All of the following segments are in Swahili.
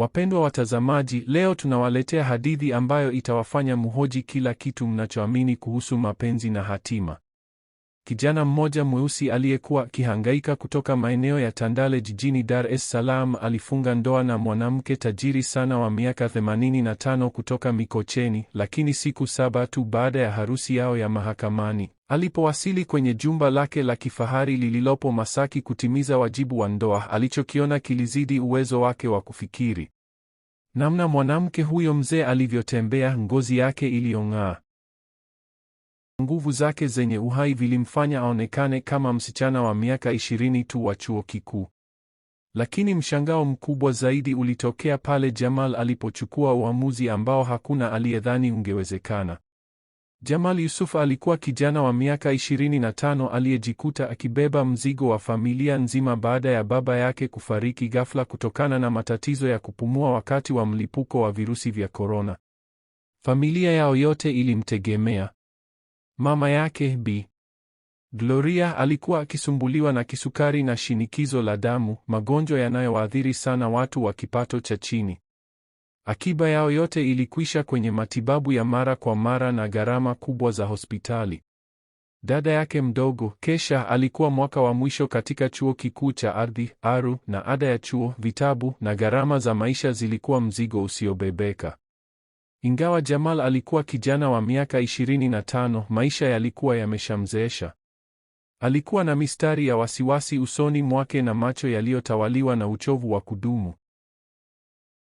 Wapendwa watazamaji, leo tunawaletea hadithi ambayo itawafanya mhoji kila kitu mnachoamini kuhusu mapenzi na hatima kijana mmoja mweusi aliyekuwa akihangaika kutoka maeneo ya Tandale jijini Dar es Salaam alifunga ndoa na mwanamke tajiri sana wa miaka 85 kutoka Mikocheni, lakini siku saba tu baada ya harusi yao ya mahakamani, alipowasili kwenye jumba lake la kifahari lililopo Masaki kutimiza wajibu wa ndoa, alichokiona kilizidi uwezo wake wa kufikiri. Namna mwanamke huyo mzee alivyotembea, ngozi yake iliyong'aa Nguvu zake zenye uhai vilimfanya aonekane kama msichana wa miaka ishirini tu wa chuo kikuu. Lakini mshangao mkubwa zaidi ulitokea pale Jamal alipochukua uamuzi ambao hakuna aliyedhani ungewezekana. Jamal Yusuf alikuwa kijana wa miaka 25 aliyejikuta akibeba mzigo wa familia nzima baada ya baba yake kufariki ghafla kutokana na matatizo ya kupumua wakati wa mlipuko wa virusi vya korona. Familia yao yote ilimtegemea. Mama yake Bi Gloria alikuwa akisumbuliwa na kisukari na shinikizo la damu, magonjwa yanayowaathiri sana watu wa kipato cha chini. Akiba yao yote ilikwisha kwenye matibabu ya mara kwa mara na gharama kubwa za hospitali. Dada yake mdogo Kesha alikuwa mwaka wa mwisho katika chuo kikuu cha ardhi, Aru, na ada ya chuo, vitabu na gharama za maisha zilikuwa mzigo usiobebeka. Ingawa Jamal alikuwa kijana wa miaka 25, maisha yalikuwa yameshamzeesha. Alikuwa na mistari ya wasiwasi usoni mwake na macho yaliyotawaliwa na uchovu wa kudumu.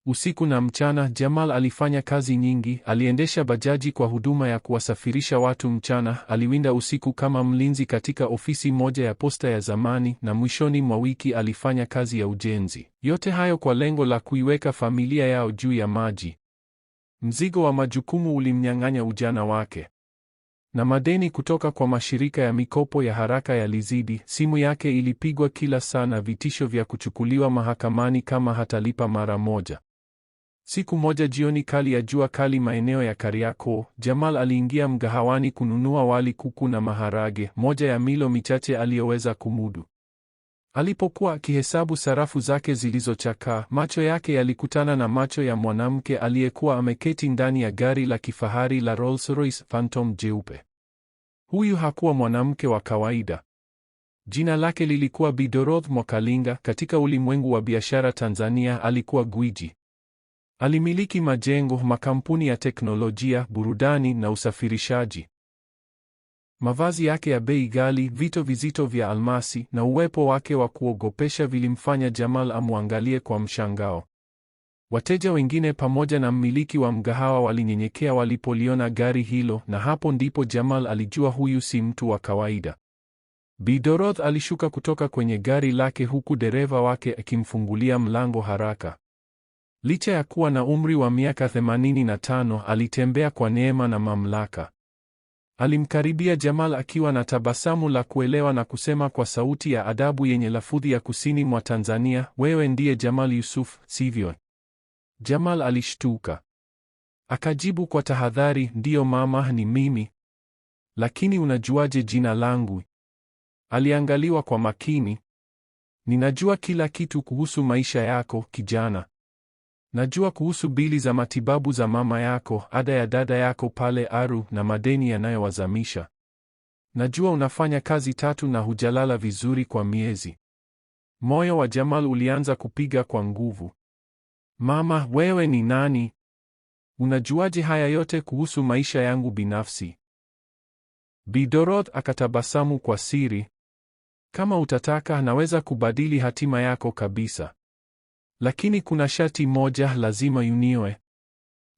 Usiku na mchana, Jamal alifanya kazi nyingi, aliendesha bajaji kwa huduma ya kuwasafirisha watu mchana, aliwinda usiku kama mlinzi katika ofisi moja ya posta ya zamani na mwishoni mwa wiki alifanya kazi ya ujenzi. Yote hayo kwa lengo la kuiweka familia yao juu ya maji. Mzigo wa majukumu ulimnyang'anya ujana wake, na madeni kutoka kwa mashirika ya mikopo ya haraka yalizidi. Simu yake ilipigwa kila saa na vitisho vya kuchukuliwa mahakamani kama hatalipa mara moja. Siku moja jioni kali ya jua kali maeneo ya Kariakoo, Jamal aliingia mgahawani kununua wali, kuku na maharage, moja ya milo michache aliyoweza kumudu. Alipokuwa akihesabu sarafu zake zilizochakaa, macho yake yalikutana na macho ya mwanamke aliyekuwa ameketi ndani ya gari la kifahari la Rolls-Royce Phantom jeupe. Huyu hakuwa mwanamke wa kawaida. Jina lake lilikuwa Bi Doroth Mwakalinga. Katika ulimwengu wa biashara Tanzania, alikuwa gwiji. Alimiliki majengo, makampuni ya teknolojia, burudani na usafirishaji. Mavazi yake ya bei ghali, vito vizito vya almasi na uwepo wake wa kuogopesha vilimfanya Jamal amwangalie kwa mshangao. Wateja wengine pamoja na mmiliki wa mgahawa walinyenyekea walipoliona gari hilo, na hapo ndipo Jamal alijua huyu si mtu wa kawaida. Bidoroth alishuka kutoka kwenye gari lake huku dereva wake akimfungulia mlango haraka. Licha ya kuwa na umri wa miaka 85, alitembea kwa neema na mamlaka. Alimkaribia Jamal akiwa na tabasamu la kuelewa na kusema kwa sauti ya adabu yenye lafudhi ya kusini mwa Tanzania, wewe ndiye Jamal Yusuf, sivyo? Jamal alishtuka. Akajibu kwa tahadhari, ndiyo mama, ni mimi. Lakini unajuaje jina langu? Aliangaliwa kwa makini. Ninajua kila kitu kuhusu maisha yako, kijana. Najua kuhusu bili za matibabu za mama yako, ada ya dada yako pale Aru na madeni yanayowazamisha. Najua unafanya kazi tatu na hujalala vizuri kwa miezi. Moyo wa Jamal ulianza kupiga kwa nguvu. Mama, wewe ni nani? Unajuaje haya yote kuhusu maisha yangu binafsi? Bidoroth akatabasamu kwa siri. Kama utataka naweza kubadili hatima yako kabisa. Lakini kuna shati moja lazima yuniwe.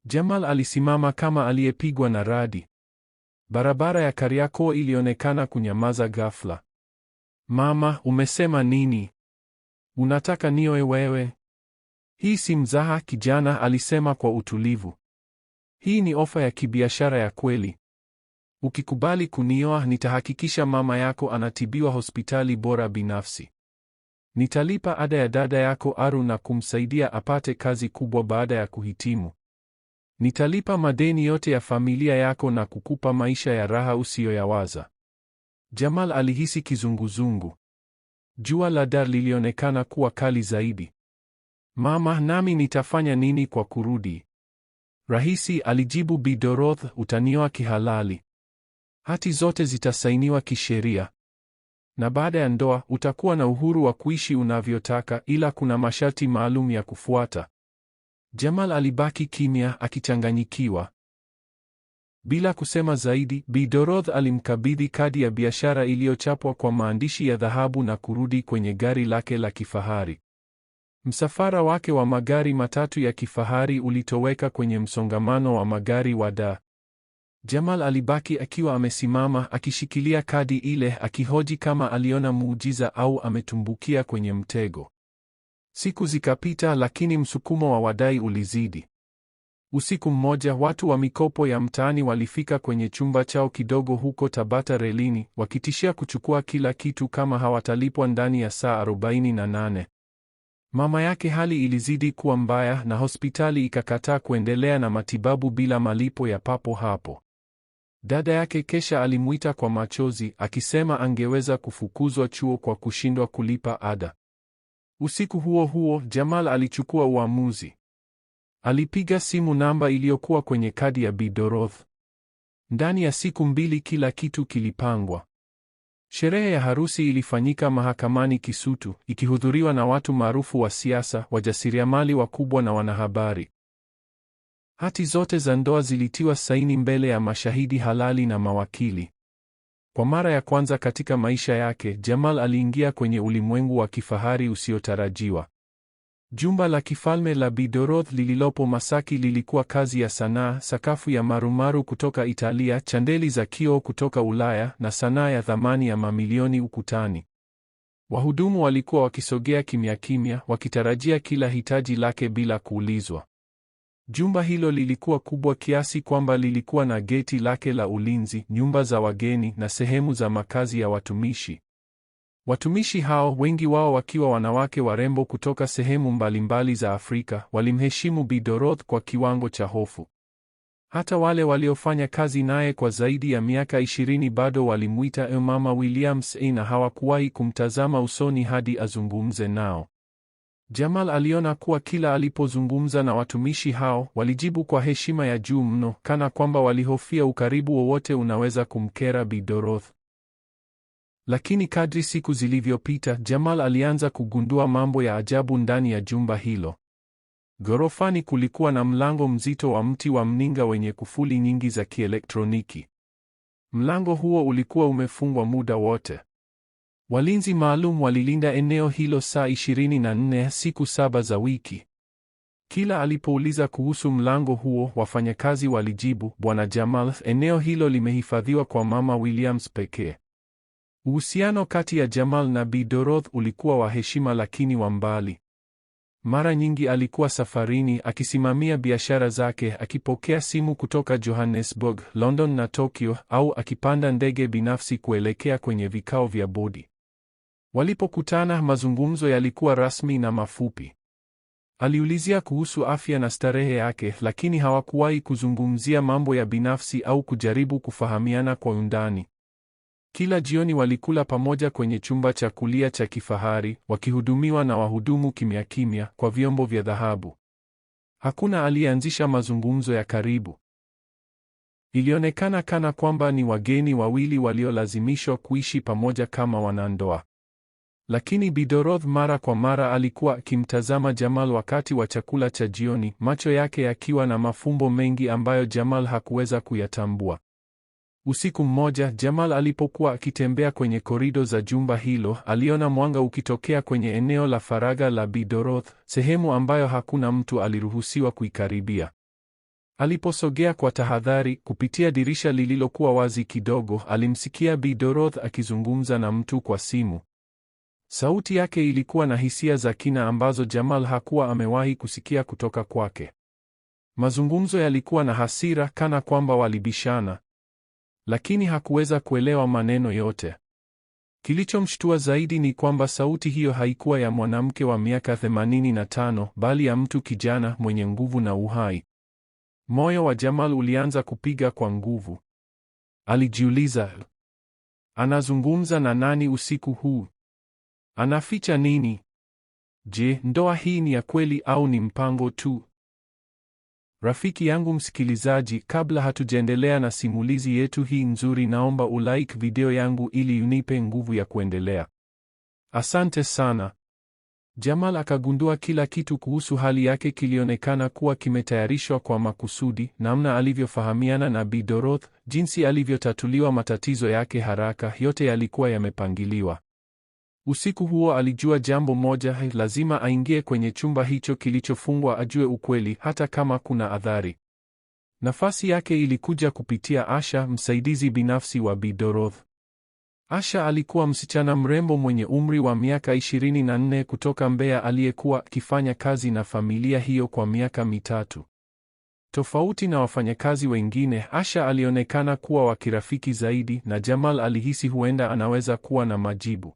Jamal alisimama kama aliyepigwa na radi. Barabara ya Kariakoo ilionekana kunyamaza ghafla. Mama, umesema nini? Unataka nioe wewe? Hii si mzaha, kijana alisema kwa utulivu. Hii ni ofa ya kibiashara ya kweli. Ukikubali kunioa, nitahakikisha mama yako anatibiwa hospitali bora binafsi. Nitalipa ada ya dada yako Aru na kumsaidia apate kazi kubwa baada ya kuhitimu. Nitalipa madeni yote ya familia yako na kukupa maisha ya raha usiyoyawaza. Jamal alihisi kizunguzungu. Jua la Dar lilionekana kuwa kali zaidi. Mama, nami nitafanya nini kwa kurudi? Rahisi, alijibu Bidoroth, utanioa kihalali. Hati zote zitasainiwa kisheria na baada ya ndoa utakuwa na uhuru wa kuishi unavyotaka, ila kuna masharti maalum ya kufuata. Jamal alibaki kimya akichanganyikiwa. Bila kusema zaidi, Bi Doroth alimkabidhi kadi ya biashara iliyochapwa kwa maandishi ya dhahabu na kurudi kwenye gari lake la kifahari. Msafara wake wa magari matatu ya kifahari ulitoweka kwenye msongamano wa magari wa daa. Jamal alibaki akiwa amesimama akishikilia kadi ile, akihoji kama aliona muujiza au ametumbukia kwenye mtego. Siku zikapita, lakini msukumo wa wadai ulizidi. Usiku mmoja, watu wa mikopo ya mtaani walifika kwenye chumba chao kidogo huko Tabata Relini, wakitishia kuchukua kila kitu kama hawatalipwa ndani ya saa 48. Mama yake hali ilizidi kuwa mbaya na hospitali ikakataa kuendelea na matibabu bila malipo ya papo hapo. Dada yake Kesha alimwita kwa machozi akisema angeweza kufukuzwa chuo kwa kushindwa kulipa ada. Usiku huo huo, Jamal alichukua uamuzi. Alipiga simu namba iliyokuwa kwenye kadi ya Bidoroth. Ndani ya siku mbili kila kitu kilipangwa. Sherehe ya harusi ilifanyika mahakamani Kisutu, ikihudhuriwa na watu maarufu wa siasa, wajasiriamali wakubwa na wanahabari. Hati zote za ndoa zilitiwa saini mbele ya mashahidi halali na mawakili. Kwa mara ya kwanza katika maisha yake, Jamal aliingia kwenye ulimwengu wa kifahari usiotarajiwa. Jumba la kifalme la Bidoroth lililopo Masaki lilikuwa kazi ya sanaa, sakafu ya marumaru kutoka Italia, chandeli za kioo kutoka Ulaya na sanaa ya thamani ya mamilioni ukutani. Wahudumu walikuwa wakisogea kimya kimya, wakitarajia kila hitaji lake bila kuulizwa. Jumba hilo lilikuwa kubwa kiasi kwamba lilikuwa na geti lake la ulinzi, nyumba za wageni na sehemu za makazi ya watumishi. Watumishi hao, wengi wao wakiwa wanawake warembo kutoka sehemu mbalimbali za Afrika, walimheshimu Bi kwa kiwango cha hofu. Hata wale waliofanya kazi naye kwa zaidi ya miaka ishirini bado walimwita e Mama Williams na hawakuwahi kumtazama usoni hadi azungumze nao. Jamal aliona kuwa kila alipozungumza na watumishi hao, walijibu kwa heshima ya juu mno, kana kwamba walihofia ukaribu wowote unaweza kumkera Bi Doroth. Lakini kadri siku zilivyopita, Jamal alianza kugundua mambo ya ajabu ndani ya jumba hilo. Ghorofani kulikuwa na mlango mzito wa mti wa mninga wenye kufuli nyingi za kielektroniki. Mlango huo ulikuwa umefungwa muda wote. Walinzi maalum walilinda eneo hilo saa 24 siku saba za wiki. Kila alipouliza kuhusu mlango huo, wafanyakazi walijibu, Bwana Jamal, eneo hilo limehifadhiwa kwa Mama Williams pekee. Uhusiano kati ya Jamal na Bi Doroth ulikuwa wa heshima lakini wa mbali. Mara nyingi alikuwa safarini akisimamia biashara zake, akipokea simu kutoka Johannesburg, London na Tokyo, au akipanda ndege binafsi kuelekea kwenye vikao vya bodi. Walipokutana, mazungumzo yalikuwa rasmi na mafupi. Aliulizia kuhusu afya na starehe yake, lakini hawakuwahi kuzungumzia mambo ya binafsi au kujaribu kufahamiana kwa undani. Kila jioni walikula pamoja kwenye chumba cha kulia cha kifahari, wakihudumiwa na wahudumu kimya kimya kwa vyombo vya dhahabu. Hakuna aliyeanzisha mazungumzo ya karibu. Ilionekana kana kwamba ni wageni wawili waliolazimishwa kuishi pamoja kama wanandoa. Lakini Bidoroth mara kwa mara alikuwa akimtazama Jamal wakati wa chakula cha jioni, macho yake yakiwa na mafumbo mengi ambayo Jamal hakuweza kuyatambua. Usiku mmoja, Jamal alipokuwa akitembea kwenye korido za jumba hilo, aliona mwanga ukitokea kwenye eneo la faraga la Bidoroth, sehemu ambayo hakuna mtu aliruhusiwa kuikaribia. Aliposogea kwa tahadhari kupitia dirisha lililokuwa wazi kidogo, alimsikia Bidoroth akizungumza na mtu kwa simu. Sauti yake ilikuwa na hisia za kina ambazo Jamal hakuwa amewahi kusikia kutoka kwake. Mazungumzo yalikuwa na hasira, kana kwamba walibishana, lakini hakuweza kuelewa maneno yote. Kilichomshtua zaidi ni kwamba sauti hiyo haikuwa ya mwanamke wa miaka 85 bali ya mtu kijana mwenye nguvu na uhai. Moyo wa Jamal ulianza kupiga kwa nguvu. Alijiuliza, anazungumza na nani usiku huu? Anaficha nini? Je, ndoa hii ni ya kweli au ni mpango tu? Rafiki yangu msikilizaji, kabla hatujaendelea na simulizi yetu hii nzuri, naomba ulike video yangu ili unipe nguvu ya kuendelea. Asante sana. Jamal akagundua kila kitu kuhusu hali yake kilionekana kuwa kimetayarishwa kwa makusudi, namna alivyofahamiana na Bi Doroth, jinsi alivyotatuliwa matatizo yake haraka, yote yalikuwa yamepangiliwa. Usiku huo alijua jambo moja, lazima aingie kwenye chumba hicho kilichofungwa, ajue ukweli, hata kama kuna adhari Nafasi yake ilikuja kupitia Asha, msaidizi binafsi wa Bi Asha alikuwa msichana mrembo mwenye umri wa miaka 24 kutoka Mbeya aliyekuwa akifanya kazi na familia hiyo kwa miaka mitatu. Tofauti na wafanyakazi wengine, Asha alionekana kuwa wa kirafiki zaidi na Jamal alihisi huenda anaweza kuwa na majibu.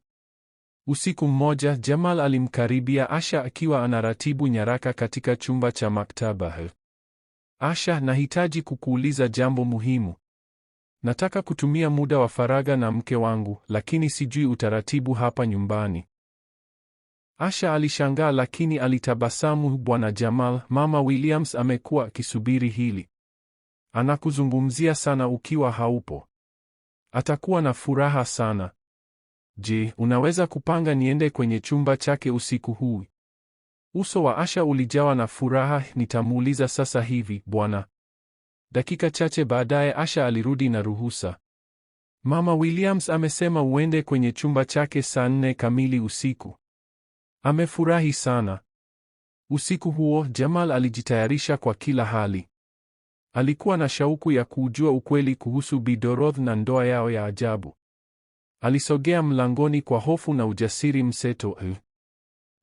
Usiku mmoja, Jamal alimkaribia Asha akiwa anaratibu nyaraka katika chumba cha maktaba. Asha, nahitaji kukuuliza jambo muhimu. Nataka kutumia muda wa faraga na mke wangu, lakini sijui utaratibu hapa nyumbani. Asha alishangaa lakini alitabasamu. Bwana Jamal, Mama Williams amekuwa akisubiri hili. Anakuzungumzia sana ukiwa haupo. Atakuwa na furaha sana. Je, unaweza kupanga niende kwenye chumba chake usiku huu? Uso wa Asha ulijawa na furaha. Nitamuuliza sasa hivi, bwana. Dakika chache baadaye Asha alirudi na ruhusa. Mama Williams amesema uende kwenye chumba chake saa nne kamili usiku. Amefurahi sana. Usiku huo Jamal alijitayarisha kwa kila hali. Alikuwa na shauku ya kujua ukweli kuhusu Bidoroth na ndoa yao ya ajabu. Alisogea mlangoni kwa hofu na ujasiri mseto. Eh.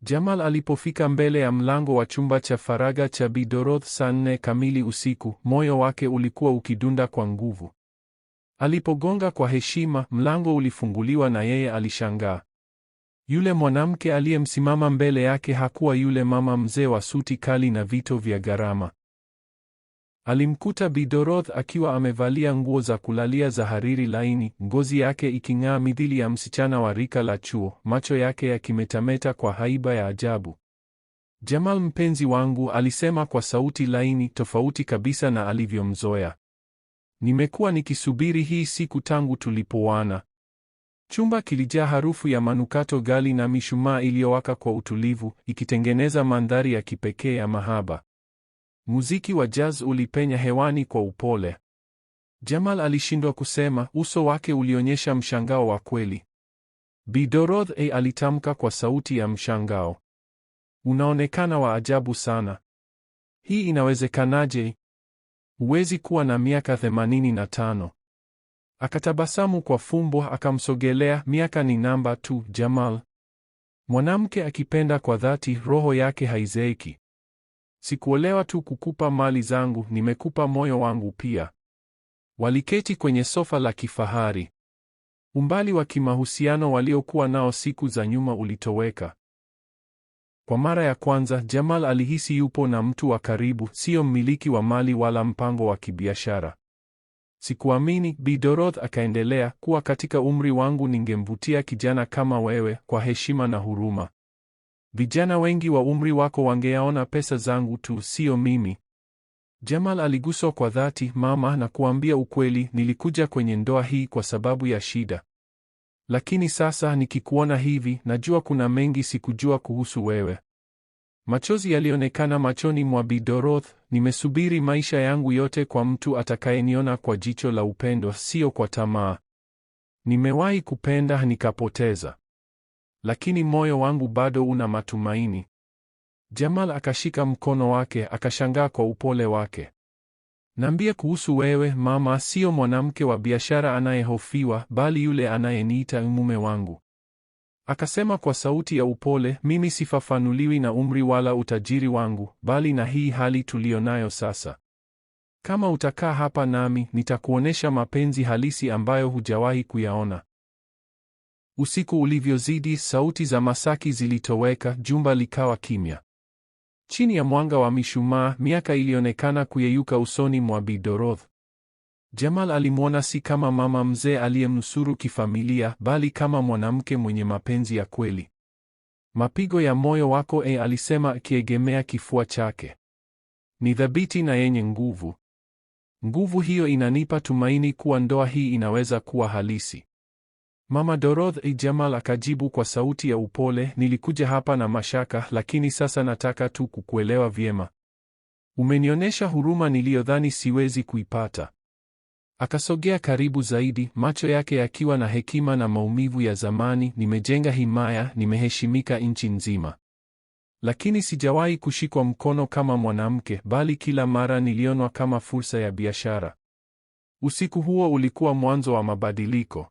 Jamal alipofika mbele ya mlango wa chumba cha faraga cha Bi Doroth saa nne kamili usiku, moyo wake ulikuwa ukidunda kwa nguvu. Alipogonga kwa heshima, mlango ulifunguliwa na yeye alishangaa. Yule mwanamke aliyemsimama mbele yake hakuwa yule mama mzee wa suti kali na vito vya gharama. Alimkuta Bidoroth akiwa amevalia nguo za kulalia za hariri laini, ngozi yake iking'aa midhili ya msichana wa rika la chuo, macho yake yakimetameta kwa haiba ya ajabu. Jamal mpenzi wangu, alisema kwa sauti laini, tofauti kabisa na alivyomzoea. Nimekuwa nikisubiri hii siku tangu tulipoana. Chumba kilijaa harufu ya manukato gali na mishumaa iliyowaka kwa utulivu, ikitengeneza mandhari ya kipekee ya mahaba. Muziki wa jazz ulipenya hewani kwa upole. Jamal alishindwa kusema, uso wake ulionyesha mshangao wa kweli. Bi Doroth A alitamka kwa sauti ya mshangao, unaonekana wa ajabu sana. Hii inawezekanaje? Huwezi kuwa na miaka themanini na tano. Akatabasamu kwa fumbo, akamsogelea. Miaka ni namba tu, Jamal. Mwanamke akipenda kwa dhati, roho yake haizeeki. Sikuolewa tu kukupa mali zangu, nimekupa moyo wangu pia. Waliketi kwenye sofa la kifahari. Umbali wa kimahusiano waliokuwa nao siku za nyuma ulitoweka. Kwa mara ya kwanza, Jamal alihisi yupo na mtu wa karibu, sio mmiliki wa mali wala mpango wa kibiashara. Sikuamini, Bi Doroth akaendelea, kuwa katika umri wangu ningemvutia kijana kama wewe kwa heshima na huruma. Vijana wengi wa umri wako wangeyaona pesa zangu tu, sio mimi. Jamal aliguswa kwa dhati, mama, na kuambia ukweli, nilikuja kwenye ndoa hii kwa sababu ya shida, lakini sasa nikikuona hivi, najua kuna mengi sikujua kuhusu wewe. Machozi yalionekana machoni mwa Bidoroth. Nimesubiri maisha yangu yote kwa mtu atakayeniona kwa jicho la upendo, sio kwa tamaa. Nimewahi kupenda nikapoteza lakini moyo wangu bado una matumaini. Jamal akashika mkono wake, akashangaa kwa upole wake. Nambia kuhusu wewe mama, sio mwanamke wa biashara anayehofiwa, bali yule anayeniita mume wangu. Akasema kwa sauti ya upole, mimi sifafanuliwi na umri wala utajiri wangu, bali na hii hali tuliyonayo sasa. Kama utakaa hapa nami, nitakuonesha mapenzi halisi ambayo hujawahi kuyaona. Usiku ulivyozidi, sauti za masaki zilitoweka, jumba likawa kimya. Chini ya mwanga wa mishumaa, miaka ilionekana kuyeyuka usoni mwa Bidoroth. Jamal alimwona si kama mama mzee aliyemnusuru kifamilia, bali kama mwanamke mwenye mapenzi ya kweli. Mapigo ya moyo wako e, alisema akiegemea kifua chake, ni thabiti na yenye nguvu. Nguvu hiyo inanipa tumaini kuwa ndoa hii inaweza kuwa halisi. Mama Dorothy Jamal akajibu kwa sauti ya upole, nilikuja hapa na mashaka, lakini sasa nataka tu kukuelewa vyema. Umenionyesha huruma niliyodhani siwezi kuipata. Akasogea karibu zaidi, macho yake yakiwa na hekima na maumivu ya zamani. Nimejenga himaya, nimeheshimika nchi nzima, lakini sijawahi kushikwa mkono kama mwanamke, bali kila mara nilionwa kama fursa ya biashara. Usiku huo ulikuwa mwanzo wa mabadiliko.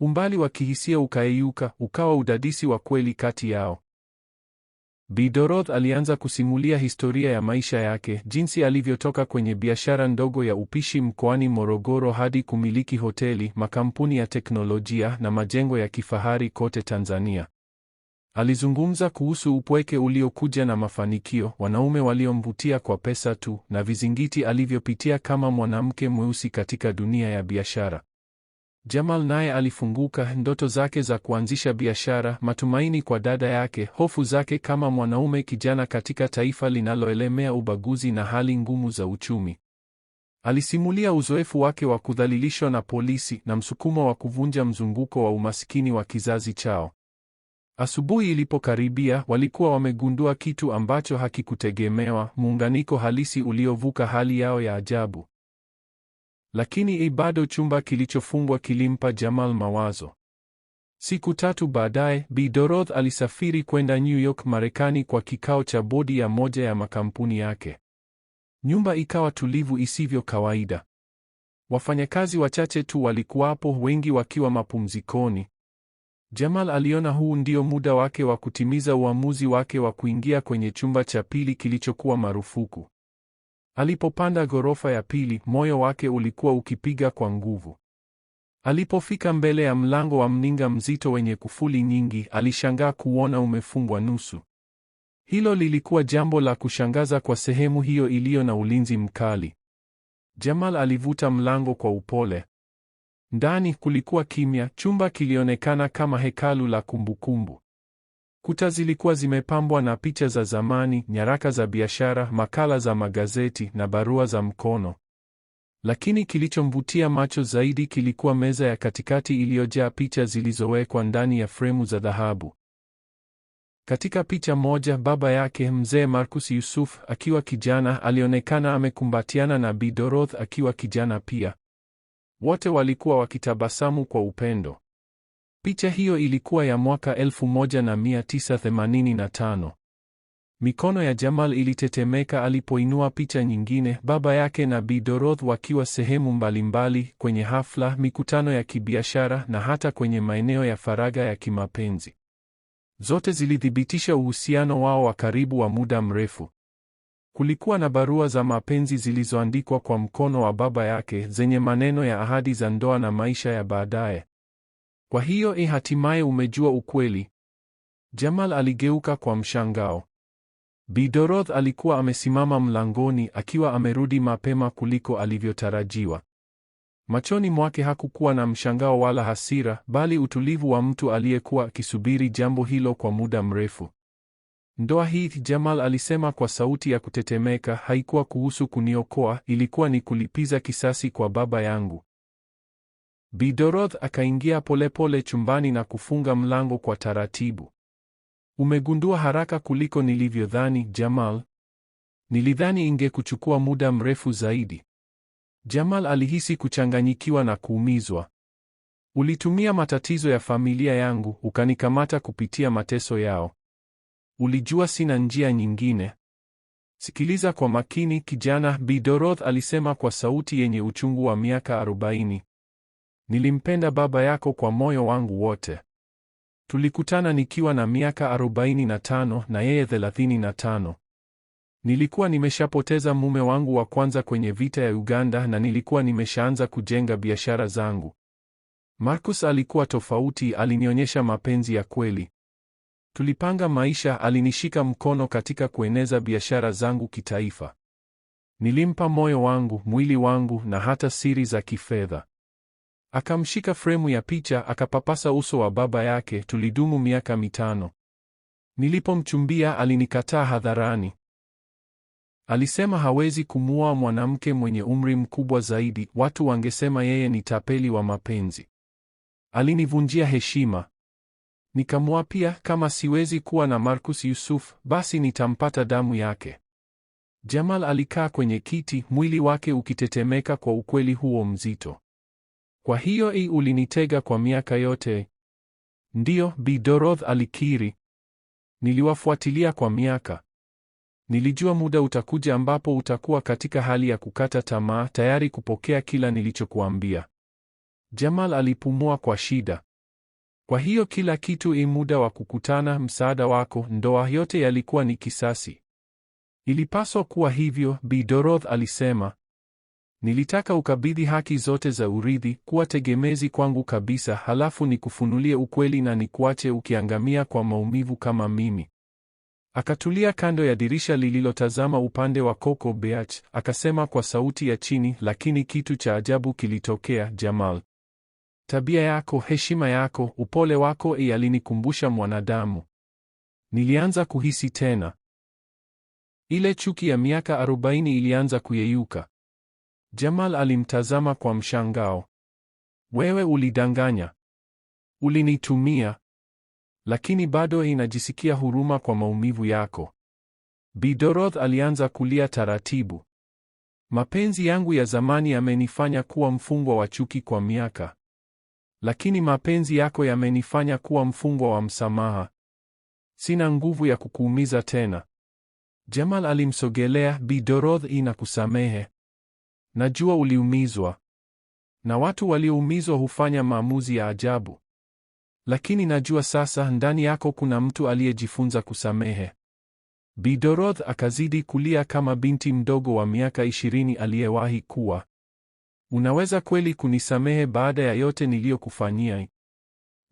Umbali wa kihisia ukayeyuka, ukawa udadisi wa kweli kati yao. Bi alianza kusimulia historia ya maisha yake, jinsi alivyotoka kwenye biashara ndogo ya upishi mkoani Morogoro hadi kumiliki hoteli, makampuni ya teknolojia na majengo ya kifahari kote Tanzania. Alizungumza kuhusu upweke uliokuja na mafanikio, wanaume waliomvutia kwa pesa tu, na vizingiti alivyopitia kama mwanamke mweusi katika dunia ya biashara. Jamal naye alifunguka, ndoto zake za kuanzisha biashara, matumaini kwa dada yake, hofu zake kama mwanaume kijana katika taifa linaloelemea ubaguzi na hali ngumu za uchumi. Alisimulia uzoefu wake wa kudhalilishwa na polisi na msukumo wa kuvunja mzunguko wa umasikini wa kizazi chao. Asubuhi ilipokaribia, walikuwa wamegundua kitu ambacho hakikutegemewa, muunganiko halisi uliovuka hali yao ya ajabu. Lakini bado chumba kilichofungwa kilimpa Jamal mawazo. Siku tatu baadaye, Bi Doroth alisafiri kwenda New York, Marekani kwa kikao cha bodi ya moja ya makampuni yake. Nyumba ikawa tulivu isivyo kawaida. Wafanyakazi wachache tu walikuwapo, wengi wakiwa mapumzikoni. Jamal aliona huu ndio muda wake wa kutimiza uamuzi wake wa kuingia kwenye chumba cha pili kilichokuwa marufuku. Alipopanda ghorofa ya pili, moyo wake ulikuwa ukipiga kwa nguvu. Alipofika mbele ya mlango wa mninga mzito wenye kufuli nyingi, alishangaa kuona umefungwa nusu. Hilo lilikuwa jambo la kushangaza kwa sehemu hiyo iliyo na ulinzi mkali. Jamal alivuta mlango kwa upole. Ndani kulikuwa kimya, chumba kilionekana kama hekalu la kumbukumbu. Kuta zilikuwa zimepambwa na picha za zamani, nyaraka za biashara, makala za magazeti na barua za mkono. Lakini kilichomvutia macho zaidi kilikuwa meza ya katikati iliyojaa picha zilizowekwa ndani ya fremu za dhahabu. Katika picha moja, baba yake mzee Marcus Yusuf akiwa kijana alionekana amekumbatiana na Bi akiwa kijana pia. Wote walikuwa wakitabasamu kwa upendo. Picha hiyo ilikuwa ya mwaka 1985. Mikono ya Jamal ilitetemeka alipoinua picha nyingine, baba yake na Bi Doroth wakiwa sehemu mbalimbali, kwenye hafla, mikutano ya kibiashara na hata kwenye maeneo ya faraga ya kimapenzi. Zote zilithibitisha uhusiano wao wa karibu wa muda mrefu. Kulikuwa na barua za mapenzi zilizoandikwa kwa mkono wa baba yake zenye maneno ya ahadi za ndoa na maisha ya baadaye. Kwa hiyo e, hatimaye umejua ukweli. Jamal aligeuka kwa mshangao. Bidoroth alikuwa amesimama mlangoni akiwa amerudi mapema kuliko alivyotarajiwa. Machoni mwake hakukuwa na mshangao wala hasira, bali utulivu wa mtu aliyekuwa akisubiri jambo hilo kwa muda mrefu. Ndoa hii, Jamal alisema kwa sauti ya kutetemeka, haikuwa kuhusu kuniokoa, ilikuwa ni kulipiza kisasi kwa baba yangu. Bidoroth akaingia polepole chumbani na kufunga mlango kwa taratibu. Umegundua haraka kuliko nilivyodhani, Jamal. Nilidhani ingekuchukua muda mrefu zaidi. Jamal alihisi kuchanganyikiwa na kuumizwa. Ulitumia matatizo ya familia yangu, ukanikamata kupitia mateso yao. Ulijua sina njia nyingine. Sikiliza kwa makini kijana, Bidoroth alisema kwa sauti yenye uchungu wa miaka arobaini. Nilimpenda baba yako kwa moyo wangu wote. Tulikutana nikiwa na miaka 45 na yeye 35. Nilikuwa nimeshapoteza mume wangu wa kwanza kwenye vita ya Uganda na nilikuwa nimeshaanza kujenga biashara zangu. Marcus alikuwa tofauti, alinionyesha mapenzi ya kweli. Tulipanga maisha, alinishika mkono katika kueneza biashara zangu kitaifa. Nilimpa moyo wangu, mwili wangu na hata siri za kifedha. Akamshika fremu ya picha akapapasa uso wa baba yake. Tulidumu miaka mitano. Nilipomchumbia alinikataa hadharani. Alisema hawezi kumuoa mwanamke mwenye umri mkubwa zaidi, watu wangesema yeye ni tapeli wa mapenzi. Alinivunjia heshima. Nikamwapia kama siwezi kuwa na Marcus Yusuf, basi nitampata damu yake. Jamal alikaa kwenye kiti, mwili wake ukitetemeka kwa ukweli huo mzito. Kwa hiyo i ulinitega kwa miaka yote? Ndiyo, Bi Doroth alikiri. Niliwafuatilia kwa miaka. Nilijua muda utakuja ambapo utakuwa katika hali ya kukata tamaa, tayari kupokea kila nilichokuambia. Jamal alipumua kwa shida. Kwa hiyo kila kitu, i muda wa kukutana, msaada wako, ndoa, yote yalikuwa ni kisasi. Ilipaswa kuwa hivyo, Bi Doroth alisema. Nilitaka ukabidhi haki zote za urithi, kuwa tegemezi kwangu kabisa, halafu nikufunulie ukweli na nikuache ukiangamia kwa maumivu kama mimi. Akatulia kando ya dirisha lililotazama upande wa Coco Beach, akasema kwa sauti ya chini, lakini kitu cha ajabu kilitokea, Jamal. Tabia yako, heshima yako, upole wako eh, yalinikumbusha mwanadamu. Nilianza kuhisi tena. Ile chuki ya miaka 40 ilianza kuyeyuka. Jamal alimtazama kwa mshangao. Wewe ulidanganya, ulinitumia. Lakini bado inajisikia huruma kwa maumivu yako. Bidoroth alianza kulia taratibu. Mapenzi yangu ya zamani yamenifanya kuwa mfungwa wa chuki kwa miaka, lakini mapenzi yako yamenifanya kuwa mfungwa wa msamaha. Sina nguvu ya kukuumiza tena. Jamal alimsogelea Bidoroth, inakusamehe Najua uliumizwa. Na watu walioumizwa hufanya maamuzi ya ajabu. Lakini najua sasa ndani yako kuna mtu aliyejifunza kusamehe. Bidoroth akazidi kulia kama binti mdogo wa miaka ishirini aliyewahi kuwa. Unaweza kweli kunisamehe baada ya yote niliyokufanyia?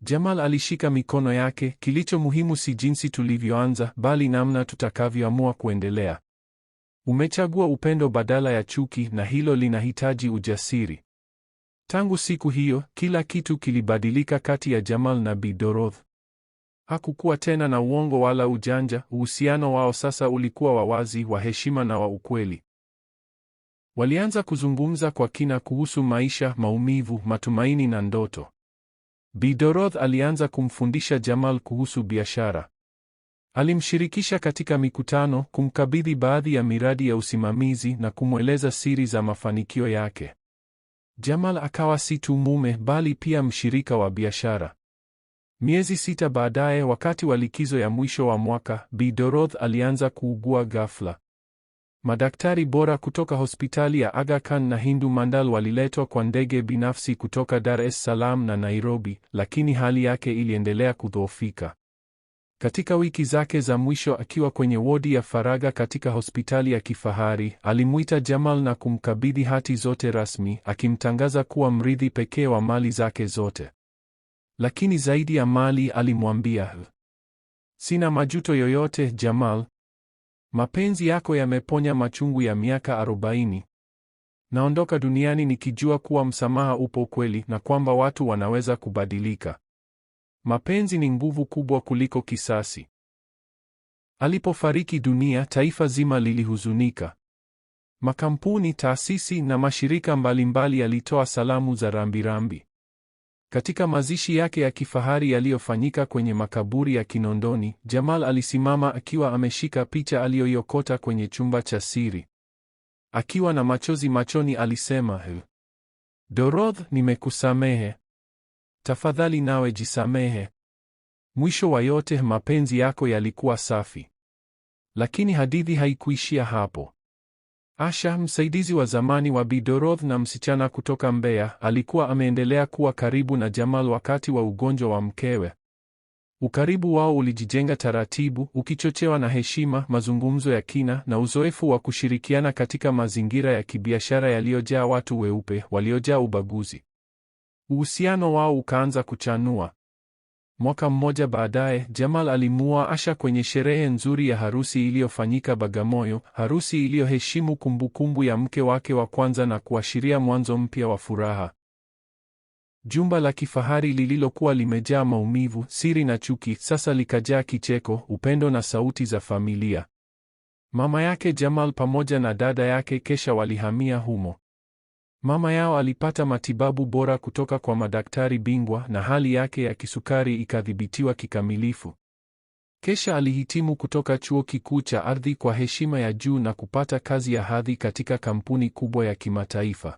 Jamal alishika mikono yake. Kilicho muhimu si jinsi tulivyoanza, bali namna tutakavyoamua kuendelea. Umechagua upendo badala ya chuki, na hilo linahitaji ujasiri. Tangu siku hiyo, kila kitu kilibadilika kati ya Jamal na Bi Doroth. Hakukuwa tena na uongo wala ujanja. Uhusiano wao sasa ulikuwa wa wazi, wa heshima na wa ukweli. Walianza kuzungumza kwa kina kuhusu maisha, maumivu, matumaini na ndoto. Bi Doroth alianza kumfundisha Jamal kuhusu biashara. Alimshirikisha katika mikutano, kumkabidhi baadhi ya miradi ya usimamizi na kumweleza siri za mafanikio yake. Jamal akawa si tu mume bali pia mshirika wa biashara. Miezi sita baadaye, wakati wa likizo ya mwisho wa mwaka, Bi Doroth alianza kuugua ghafla. Madaktari bora kutoka hospitali ya Aga Khan na Hindu Mandal waliletwa kwa ndege binafsi kutoka Dar es Salaam na Nairobi, lakini hali yake iliendelea kudhoofika. Katika wiki zake za mwisho akiwa kwenye wodi ya faraga katika hospitali ya kifahari, alimwita Jamal na kumkabidhi hati zote rasmi, akimtangaza kuwa mrithi pekee wa mali zake zote. Lakini zaidi ya mali, alimwambia, sina majuto yoyote Jamal. Mapenzi yako yameponya machungu ya miaka arobaini. Naondoka duniani nikijua kuwa msamaha upo kweli na kwamba watu wanaweza kubadilika. Mapenzi ni nguvu kubwa kuliko kisasi. Alipofariki dunia, taifa zima lilihuzunika. Makampuni, taasisi na mashirika mbalimbali yalitoa salamu za rambirambi. Katika mazishi yake ya kifahari yaliyofanyika kwenye makaburi ya Kinondoni, Jamal alisimama akiwa ameshika picha aliyoiokota kwenye chumba cha siri. Akiwa na machozi machoni, alisema, Doroth, nimekusamehe. Tafadhali nawe jisamehe. Mwisho wa yote, mapenzi yako yalikuwa safi. Lakini hadithi haikuishia hapo. Asha, msaidizi wa zamani wa Bidoroth na msichana kutoka Mbeya, alikuwa ameendelea kuwa karibu na Jamal wakati wa ugonjwa wa mkewe. Ukaribu wao ulijijenga taratibu, ukichochewa na heshima, mazungumzo ya kina na uzoefu wa kushirikiana katika mazingira ya kibiashara yaliyojaa watu weupe waliojaa ubaguzi. Uhusiano wao ukaanza kuchanua. Mwaka mmoja baadaye, Jamal alimua Asha kwenye sherehe nzuri ya harusi iliyofanyika Bagamoyo, harusi iliyoheshimu kumbukumbu ya mke wake wa kwanza na kuashiria mwanzo mpya wa furaha. Jumba la kifahari lililokuwa limejaa maumivu, siri na chuki, sasa likajaa kicheko, upendo na sauti za familia. Mama yake Jamal pamoja na dada yake Kesha walihamia humo. Mama yao alipata matibabu bora kutoka kwa madaktari bingwa na hali yake ya kisukari ikadhibitiwa kikamilifu. Kesha alihitimu kutoka chuo kikuu cha ardhi kwa heshima ya juu na kupata kazi ya hadhi katika kampuni kubwa ya kimataifa.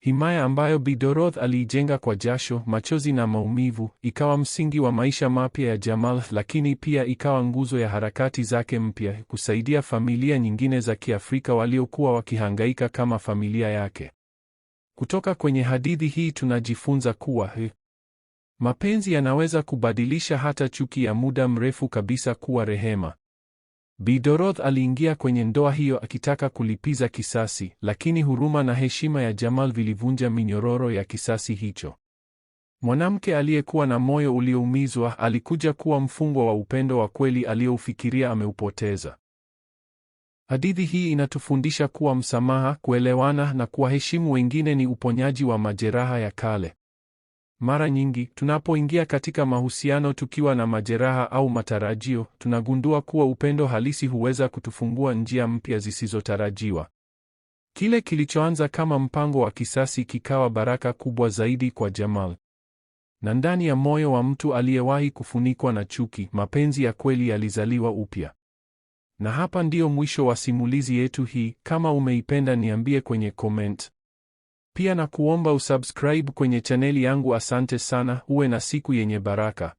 Himaya ambayo Bi Dorothy aliijenga kwa jasho, machozi na maumivu, ikawa msingi wa maisha mapya ya Jamal, lakini pia ikawa nguzo ya harakati zake mpya kusaidia familia nyingine za Kiafrika waliokuwa wakihangaika kama familia yake. Kutoka kwenye hadithi hii tunajifunza kuwa he, mapenzi yanaweza kubadilisha hata chuki ya muda mrefu kabisa kuwa rehema. Bi Doroth aliingia kwenye ndoa hiyo akitaka kulipiza kisasi, lakini huruma na heshima ya Jamal vilivunja minyororo ya kisasi hicho. Mwanamke aliyekuwa na moyo ulioumizwa alikuja kuwa mfungwa wa upendo wa kweli aliyoufikiria ameupoteza. Hadithi hii inatufundisha kuwa msamaha, kuelewana na kuwaheshimu wengine ni uponyaji wa majeraha ya kale. Mara nyingi tunapoingia katika mahusiano tukiwa na majeraha au matarajio, tunagundua kuwa upendo halisi huweza kutufungua njia mpya zisizotarajiwa. Kile kilichoanza kama mpango wa kisasi kikawa baraka kubwa zaidi kwa Jamal. Na ndani ya moyo wa mtu aliyewahi kufunikwa na chuki, mapenzi ya kweli yalizaliwa upya. Na hapa ndio mwisho wa simulizi yetu hii. Kama umeipenda, niambie kwenye comment. Pia na kuomba usubscribe kwenye chaneli yangu. Asante sana, uwe na siku yenye baraka.